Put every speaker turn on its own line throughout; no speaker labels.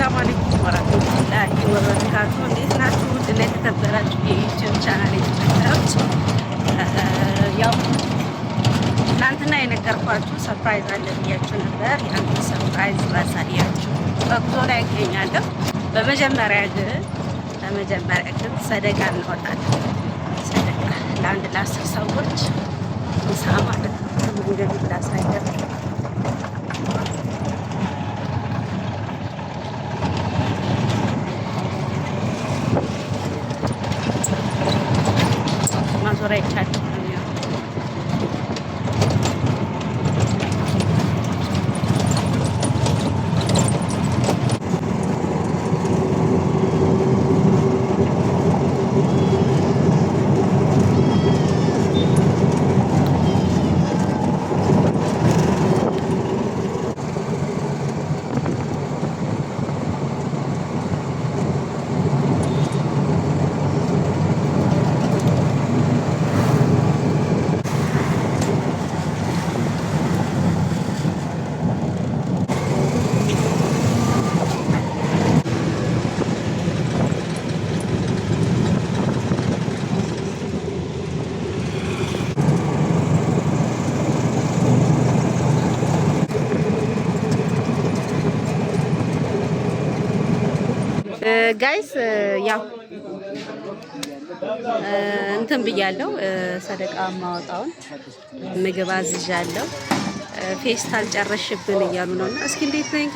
ሰላም አለይኩም ወራህመቱላሂ ወበረካቱ። እንዴት ናችሁ? ድና የተከበራችሁ የዩቲዩብ ቻናል የተከታዮች፣ ያው ትናንትና የነገርኳችሁ ሰርፕራይዝ አለ ብያችሁ ነበር። የአንድ ሰርፕራይዝ ላሳያችሁ በጉዞ ላይ ይገኛለሁ። በመጀመሪያ ግን በመጀመሪያ ግን ሰደቃ እንወጣለን። ሰደቃ ለአንድ ለአስር ሰዎች ምሳ ማለት ነው። መንገዱ ላሳያችሁ right ጋይስ ያው እንትን ብያለው ሰደቃ ማወጣውን ምግብ አዝዣለው። ፌስታል ጨረሽብን እያሉ ነው እና እስኪ እንዴት ነኝ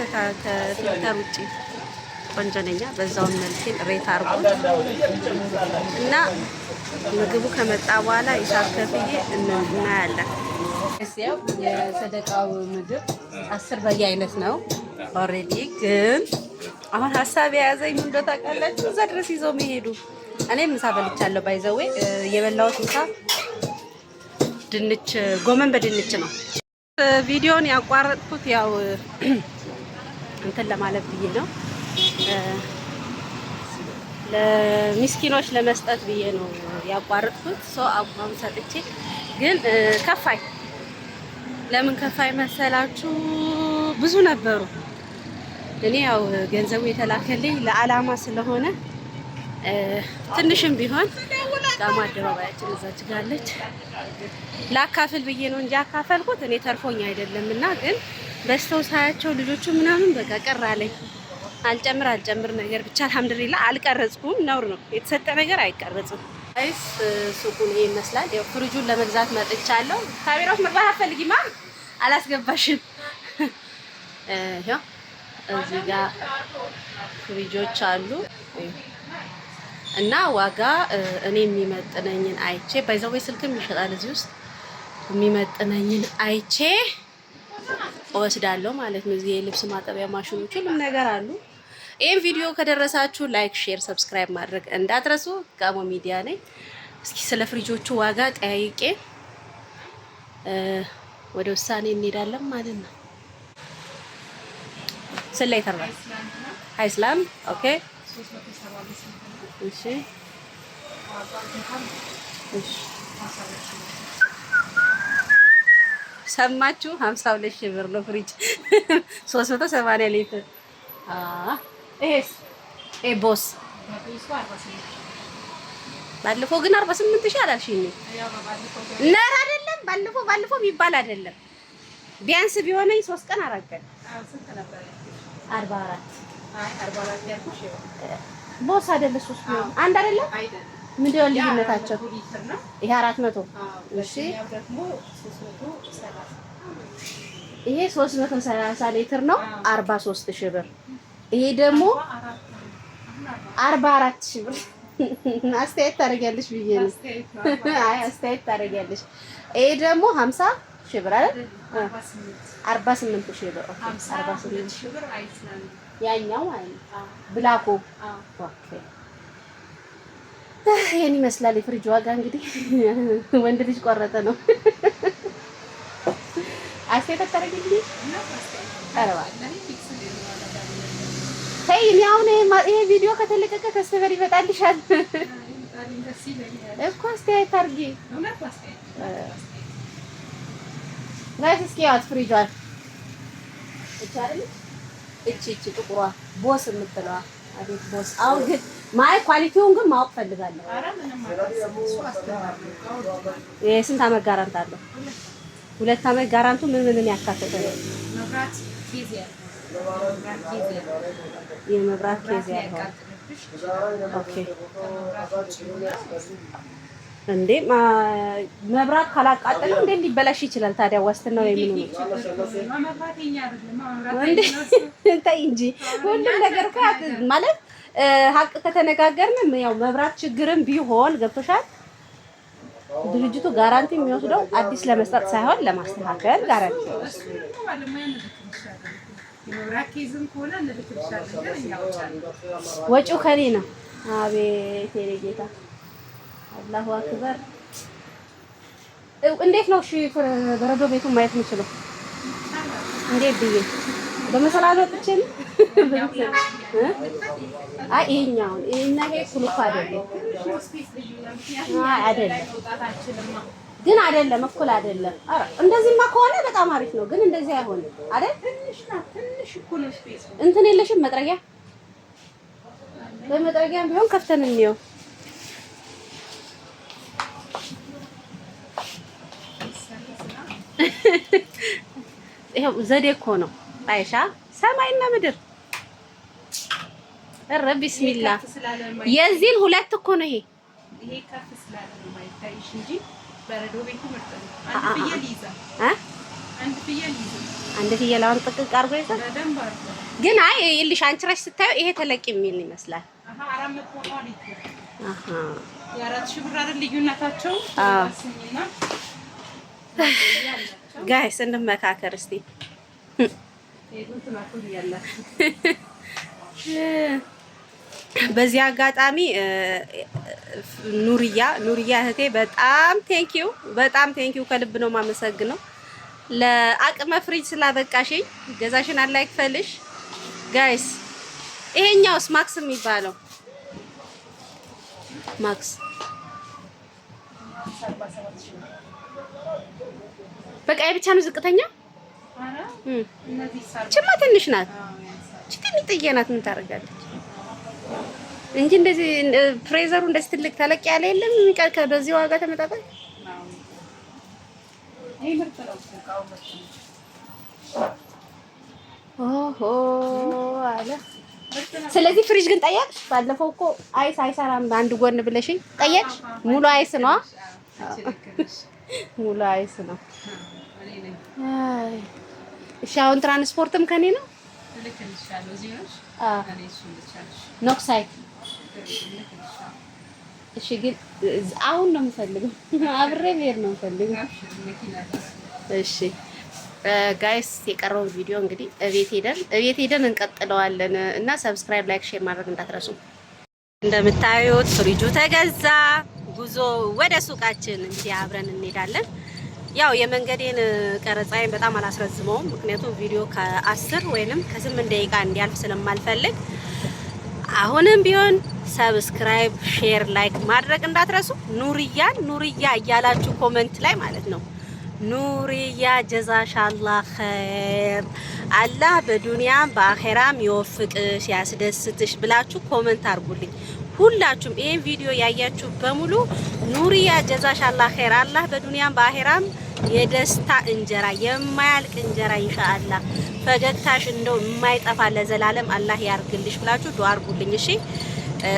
ከፊልተር ውጭ ቆንጆ ነኛ። በዛውን መልኬን ሬት አርጎ እና ምግቡ ከመጣ በኋላ ሂሳብ ከፍዬ እናያለን። የሰደቃው ምግብ አስር በየ አይነት ነው ኦልሬዲ ግን አሁን ሀሳብ የያዘኝ ምን እንደሆነ ታውቃላችሁ? እዛ ድረስ ይዘው መሄዱ። እኔ ምሳ በልቻለሁ። ባይዘዌ የበላሁት ምሳ ድንች ጎመን በድንች ነው። ቪዲዮን ያቋረጥኩት ያው እንትን ለማለት ብዬ ነው፣ ለሚስኪኖች ለመስጠት ብዬ ነው ያቋረጥኩት። ሰው አቋም ሰጥቼ ግን ከፋይ። ለምን ከፋይ መሰላችሁ? ብዙ ነበሩ እኔ ያው ገንዘቡ የተላከልኝ ለዓላማ ስለሆነ ትንሽም ቢሆን ዳሞ አደባባያችን እዛች ጋለች ላካፍል ብዬ ነው እንጂ አካፈልኩት እኔ ተርፎኝ አይደለም። እና ግን በስተው ሳያቸው ልጆቹ ምናምን በቃ ቀር አለኝ። አልጨምር አልጨምር ነገር ብቻ አልሐምዱሊላ አልቀረጽኩም። ነውር ነው የተሰጠ ነገር አይቀረጽም። አይስ ሱቁን ይመስላል። ያው ፍሪጁን ለመግዛት መጥቻለሁ። ካሜራዎች መግባት አትፈልጊማ አላስገባሽም። ያው እዚህ ጋር ፍሪጆች አሉ እና ዋጋ እኔ የሚመጥነኝን አይቼ ባይዘዌ ስልክም ይሸጣል እዚህ ውስጥ የሚመጥነኝን አይቼ እወስዳለሁ ማለት ነው። እዚህ የልብስ ማጠቢያ ማሽኖች፣ ሁሉም ነገር አሉ። ይህም ቪዲዮ ከደረሳችሁ ላይክ፣ ሼር፣ ሰብስክራይብ ማድረግ እንዳትረሱ። ጋሞ ሚዲያ ነኝ። እስኪ ስለ ፍሪጆቹ ዋጋ ጠያይቄ ወደ ውሳኔ እንሄዳለን ማለት ነው። ስለ ይተርባል አይስላም ኦኬ እሺ ሰማችሁ? 52 ሺህ ብር ነው ፍሪጅ 380 ሊትር። አህ እስ ኤ ቦስ ባለፈው ግን 48 ሺህ አላልሽኝ ነር አይደለም? ባለፈው ባለፈው የሚባል አይደለም። ቢያንስ ቢሆነኝ ሶስት ቀን አራት ቀን አርባ አራት ቦስ አይደለ? ሶስት ቢሆን አንድ አይደለ? ምንድን ነው ልዩነታቸው? ይሄ አራት መቶ እሺ፣ ይሄ ሶስት መቶ ሰላሳ ሊትር ነው። አርባ ሶስት ሺህ ብር። ይሄ ደግሞ አርባ አራት ሺህ ብር። አስተያየት ታደርጊያለሽ ብዬ ነው። አይ አስተያየት ታደርጊያለሽ። ይሄ ደግሞ ሀምሳ ሺህ ብር አይደል? አርባ ስምንት ሺህ ብር አርባ ስምንት ሺህ ብር ያኛው አይ ብላኮ ኦኬ። ይሄን ይመስላል የፍሪጅ ዋጋ እንግዲህ ወንድ ልጅ ቆረጠ ነው። አስተያየት ተይ እኔ አሁን ይሄ ቪዲዮ ከተለቀቀ ከስተመር ይመጣልሻል እኮ አስተያየት ናይስ እስኪ ያት ፍሪጇን እቺ እቺ ጥቁሯ ቦስ የምትለዋ አቤት ቦስ። አሁን ግን ማይ ኳሊቲውን ግን ማወቅ ፈልጋለሁ። የስንት አመት ጋራንት አለው? ሁለት አመት ጋራንቱ ምን ምንን ያካተተ ነው? የመብራት ኬዝ ያለው ኦኬ እንዴ መብራት ካላቃጠለ እንዴ ሊበላሽ ይችላል። ታዲያ ዋስትናው የምን ነው? ተይ እንጂ ሁሉም ነገር ማለት ሀቅ ከተነጋገርን ያው መብራት ችግርም ቢሆን ገብቶሻል። ድርጅቱ ጋራንቲ የሚወስደው አዲስ ለመስጠት ሳይሆን ለማስተካከል ጋራንቲ ወጪው ከኔ ነው። አቤት የኔ ጌታ አላሁ አክበር። እንዴት ነው? እሺ በረዶ ቤቱን ማየት የምችለው እንዴት ብዬ በመሰላል ወጥቼን? አይ ይሄኛውን ይሄና ይሄ ኩልኩ አይደለም። አይ አይደለም፣ ግን አይደለም፣ እኩል አይደለም። ኧረ እንደዚህማ ከሆነ በጣም አሪፍ ነው፣ ግን እንደዚህ አይሆንም አይደል? እንትን የለሽም መጥረጊያ? በመጥረጊያም ቢሆን ከፍተን እንየው። ይሄው ዘዴ እኮ ነው አይሻ ሰማይና ምድር ኧረ ቢስሚላ የዚህን ሁለት እኮ ነው ይሄ ይሄ ከፍ ስላለ ነው ማይታይሽ እንጂ በረዶ ቤቱ ምርጥ ነው። አንድ ፍየል ይይዛል አንድ ፍየል ይይዛል አንድ ፍየል አሁን ጥቅቅ አድርጎ ይይዛል። ግን አይ ይልሽ አንቺ እራስሽ ስታየው ይሄ ተለቅ የሚል ይመስላል። አሃ አራት መቶ ነው አሪፍ አሃ የአራት ሺህ ብር አይደል ልዩነታቸው አስሚና ጋይስ እንመካከር እስቲ። በዚህ አጋጣሚ ኑርያ ኑርያ እህቴ በጣም ቴንኪው በጣም ቴንኪው ከልብ ነው የማመሰግነው። ለአቅመ ፍሪጅ ስላበቃሽኝ ገዛሽን አላይክ ጋይስ። ይሄኛውስ ማክስ የሚባለው ማክስ በቃ የብቻ ነው ዝቅተኛ። ችማ ትንሽ ናት። ችትም ጥየናት ምን ታደርጋለች እንጂ እንደዚህ ፍሬዘሩ እንደዚህ ትልቅ ተለቅ ያለ የለም የሚቀር በዚህ ዋጋ ተመጣጣኝ ኦሆ አለ። ስለዚህ ፍሪጅ ግን ጠየቅሽ። ባለፈው እኮ አይስ አይሰራም በአንድ ጎን ብለሽኝ ጠየቅሽ። ሙሉ አይስ ነው ሙሉ አይስ ነው። እሺ አሁን ትራንስፖርትም ከኔ ነው። ኖክሳይት እሺ፣ ግን አሁን ነው የምፈልገው፣ አብሬ መሄድ ነው የምፈልገው። እሺ ጋይስ፣ የቀረውን ቪዲዮ እንግዲህ እቤት ሄደን እቤት ሄደን እንቀጥለዋለን እና ሰብስክራይብ፣ ላይክ፣ ሼር ማድረግ እንዳትረሱ። እንደምታዩት ፍሪጁ ተገዛ። ጉዞ ወደ ሱቃችን እንግዲህ አብረን እንሄዳለን። ያው የመንገዴን ቀረጻዬን በጣም አላስረዝመውም። ምክንያቱም ቪዲዮ ከአስር ወይንም ከስምንት ደቂቃ እንዲያልፍ ስለማልፈልግ አሁንም ቢሆን ሰብስክራይብ፣ ሼር፣ ላይክ ማድረግ እንዳትረሱ። ኑርያን ኑርያ እያላችሁ ኮመንት ላይ ማለት ነው። ኑርያ ጀዛሻላ ኸይር አላህ በዱንያም በአኼራም ይወፍቅሽ ያስደስትሽ ብላችሁ ኮመንት አድርጉልኝ። ሁላችሁም ይህን ቪዲዮ ያያችሁ በሙሉ ኑርያ ጀዛሻላ ኸይር አላህ በዱንያም በአኼራም የደስታ እንጀራ የማያልቅ እንጀራ ኢንሻአላህ ፈገግታሽ እንደው የማይጠፋ ለዘላለም አላህ ያርግልሽ ብላችሁ ዱአ እሺ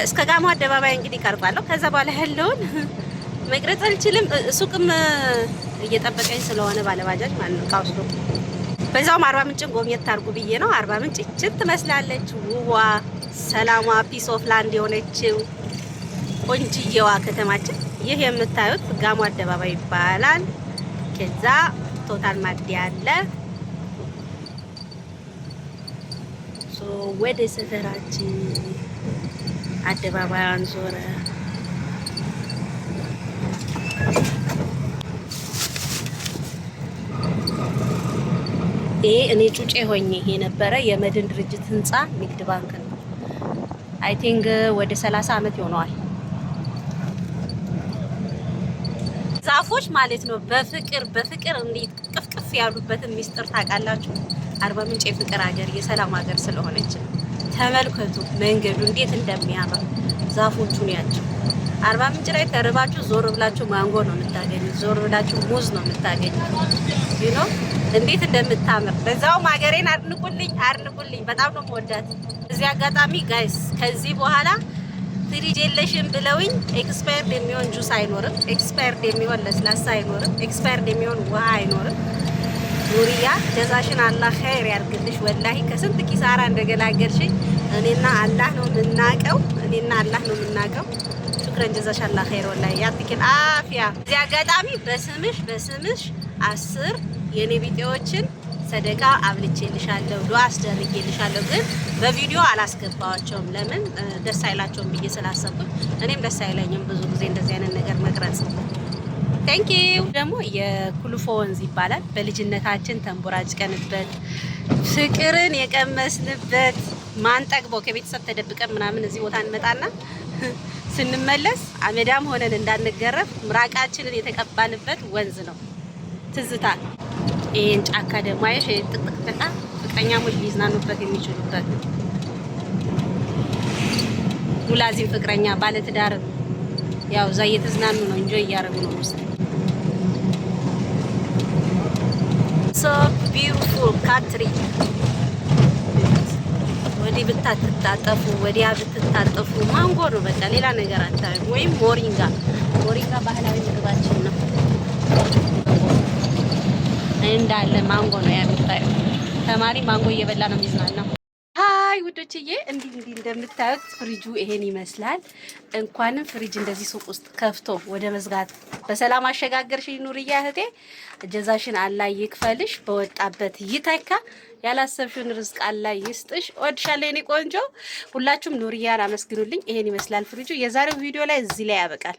እስከ ጋሞ አደባባይ እንግዲህ ቀርባለሁ። ከዛ በኋላ ያለውን መቅረጽ አልችልም። ሱቅም እየጠበቀኝ ስለሆነ ባለባጃጅ ማለት ነው ካውስዶ በዛውም አርባ ምንጭን ጎብኘት ታርጉ ብዬ ነው። አርባ ምንጭ ይችን ትመስላለች። ውዋ ሰላሟ ፒስ ኦፍ ላንድ የሆነችው ቆንጅየዋ ከተማችን። ይህ የምታዩት ጋሞ አደባባይ ይባላል። ከዛ ቶታል ማዲ አለ። ወደ ሰፈራችን አደባባያን ዞረ። ይሄ እኔ ጩጬ ሆኜ የነበረ የመድን ድርጅት ህንፃ ንግድ ባንክ ነው። አይ ቲንክ ወደ ሰላሳ አመት ይሆነዋል። ዛፎች ማለት ነው። በፍቅር በፍቅር እንዴት ቅፍቅፍ ያሉበትን ሚስጥር ታውቃላችሁ። አርባ ምንጭ የፍቅር ሀገር የሰላም ሀገር ስለሆነች ተመልከቱ፣ መንገዱ እንዴት እንደሚያምር ዛፎቹን ያቸው። አርባ ምንጭ ላይ ተርባችሁ ዞር ብላችሁ ማንጎ ነው የምታገኙት፣ ዞር ብላችሁ ሙዝ ነው የምታገኙት። ይኖ እንዴት እንደምታምር በዛውም ሀገሬን አድንቁልኝ፣ አድንቁልኝ። በጣም ነው መወዳት። እዚህ አጋጣሚ ጋይስ ከዚህ በኋላ ፍሪጅ የለሽም ብለውኝ ኤክስፓየርድ የሚሆን ጁስ አይኖርም፣ ኤክስፓየርድ የሚሆን ለስላሳ አይኖርም፣ ኤክስፓየርድ የሚሆን ውሃ አይኖርም። ኑሪያ ጀዛሽን አላህ ኸይር ያርግልሽ። ወላሂ ከስንት ኪሳራ እንደገላገልሽኝ እኔና አላህ ነው የምናቀው፣ እኔና አላህ ነው የምናቀው። ሹክረን ጀዛሻላ ኸይር ወላሂ ያትክል አፍያ። እዚህ አጋጣሚ በስምሽ በስምሽ አስር የኔ ቢጤዎችን ሰደቃ አብልቼልሻለሁ፣ ዱዓ አስደርጌልሻለሁ። ግን በቪዲዮ አላስገባቸውም ለምን ደስ አይላቸውም ብዬ ስላሰብኩኝ፣ እኔም ደስ አይለኝም ብዙ ጊዜ እንደዚህ አይነት ነገር መቅረጽ። ቴንክ ዩ። ደግሞ የኩልፎ ወንዝ ይባላል። በልጅነታችን ተንቦራጭቀንበት ፍቅርን የቀመስንበት ማንጠግበው ከቤተሰብ ተደብቀን ምናምን እዚህ ቦታ እንመጣና ስንመለስ አመዳም ሆነን እንዳንገረፍ ምራቃችንን የተቀባንበት ወንዝ ነው። ትዝታ ይሄን ጫካ ደግሞ አየሽ፣ ጥቅጥቅ ጫካ ፍቅረኛሞች ሊዝናኑበት የሚችሉበት ሙላዚም ፍቅረኛ ባለትዳር ያው እዛ እየተዝናኑ ነው፣ እንጆ እያደረጉ ነው። ውስጥ ሶ ቢዩቲፉል ካንትሪ። ወዲህ ብታትታጠፉ ወዲያ ብትታጠፉ ማንጎ ነው በቃ ሌላ ነገር አታዩም። ወይም ሞሪንጋ ሞሪንጋ ባህላዊ ምግባችን እንዳለ ማንጎ ነው ያምጣዩ። ተማሪ ማንጎ እየበላ ነው የሚዝናናው። ሀይ ውዶችዬ፣ እንዲህ እንዲህ እንደምታዩት ፍሪጁ ይሄን ይመስላል። እንኳንም ፍሪጅ እንደዚህ ሱቅ ውስጥ ከፍቶ ወደ መዝጋት በሰላም አሸጋገርሽኝ ኑርያ እህቴ። እጀዛሽን አላ ይክፈልሽ፣ በወጣበት ይተካ፣ ያላሰብሽውን ርዝቅ አላ ይስጥሽ። እወድሻለሁ የኔ ቆንጆ። ሁላችሁም ኑርያን አመስግኑልኝ። ይሄን ይመስላል ፍሪጁ። የዛሬው ቪዲዮ ላይ እዚህ ላይ ያበቃል።